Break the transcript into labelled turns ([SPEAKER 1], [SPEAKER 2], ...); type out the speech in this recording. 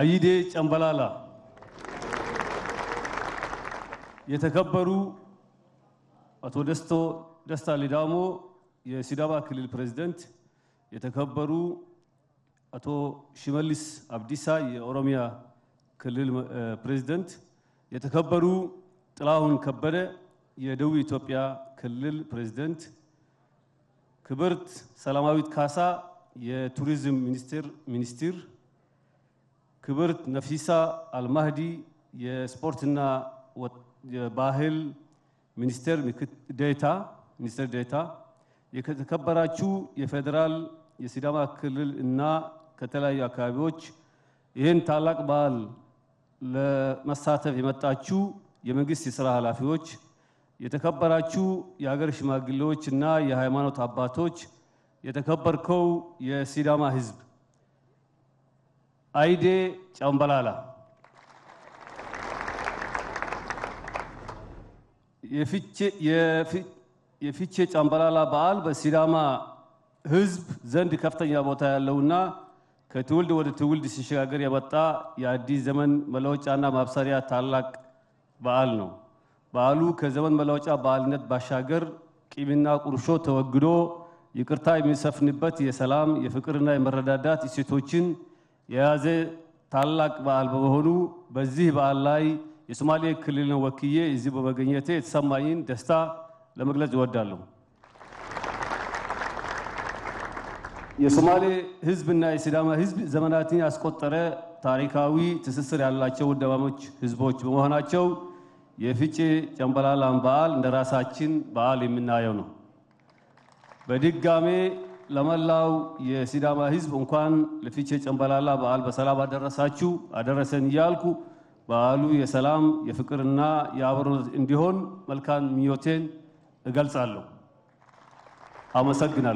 [SPEAKER 1] አይዴ ጨምበላላ የተከበሩ አቶ ደስቶ ደስታ ሌዳሞ የሲዳማ ክልል ፕሬዚደንት የተከበሩ አቶ ሽመልስ አብዲሳ የኦሮሚያ ክልል ፕሬዝደንት፣ የተከበሩ ጥላሁን ከበደ የደቡብ ኢትዮጵያ ክልል ፕሬዝደንት፣ ክብርት ሰላማዊት ካሳ የቱሪዝም ሚኒስቴር ሚኒስትር ክብርት ነፊሳ አልማህዲ የስፖርትና የባህል ሚኒስቴር ዴታ ሚኒስቴር ዴታ፣ የተከበራችሁ የፌዴራል የሲዳማ ክልል እና ከተለያዩ አካባቢዎች ይህን ታላቅ በዓል ለመሳተፍ የመጣችሁ የመንግስት የስራ ኃላፊዎች፣ የተከበራችሁ የሀገር ሽማግሌዎች እና የሃይማኖት አባቶች፣ የተከበርከው የሲዳማ ህዝብ አይዴ ጨምበላላ የፊቼ ጨምበላላ በዓል በሲዳማ ሕዝብ ዘንድ ከፍተኛ ቦታ ያለውና ከትውልድ ወደ ትውልድ ሲሸጋገር የመጣ የአዲስ ዘመን መለወጫና ማብሰሪያ ታላቅ በዓል ነው። በዓሉ ከዘመን መለወጫ በዓልነት ባሻገር ቂምና ቁርሾ ተወግዶ ይቅርታ የሚሰፍንበት የሰላም የፍቅርና የመረዳዳት እሴቶችን የያዘ ታላቅ በዓል በመሆኑ በዚህ በዓል ላይ የሶማሌ ክልልን ወክዬ እዚህ በመገኘቴ የተሰማኝን ደስታ ለመግለጽ እወዳለሁ። የሶማሌ ና የሲዳማ ህዝብ ዘመናትን ያስቆጠረ ታሪካዊ ትስስር ያላቸው ወንድማማች ህዝቦች በመሆናቸው የፍቼ ጨምበላላን በዓል እንደ ራሳችን በዓል የምናየው ነው። በድጋሜ ለመላው የሲዳማ ሕዝብ እንኳን ለፊቼ ጨንበላላ በዓል በሰላም አደረሳችሁ አደረሰን እያልኩ በዓሉ የሰላም የፍቅርና የአብሮነት እንዲሆን መልካም ምኞቴን እገልጻለሁ። አመሰግናለሁ።